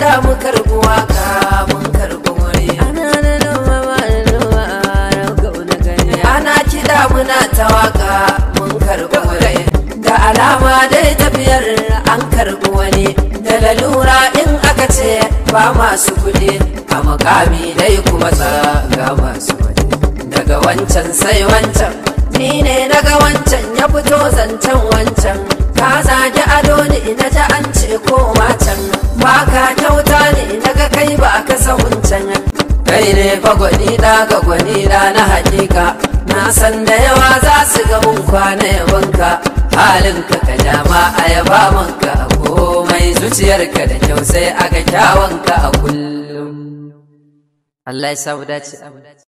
da mu karɓi waka mun karɓi wuri. ana noma noma gauna ana kiɗa muna ta waka mun karɓi wuri. ga alama dai tafiyar an karɓi wani da lalura in aka ce ba masu kuɗi a mukami dai kuma sa ga masu kuɗi daga wancan sai wancan ni ne daga wancan ya fito zancen wancan ka zagi ado ni na ji an ce ko mata ka sahuncan kai ne fa gwani da ga gwani da na hakika na san da yawa za su ga mun kwana ka halin ka ka jama a yaba manka komai zuciyarka da kyau sai a ga kyawanka a kullum Allah ya dace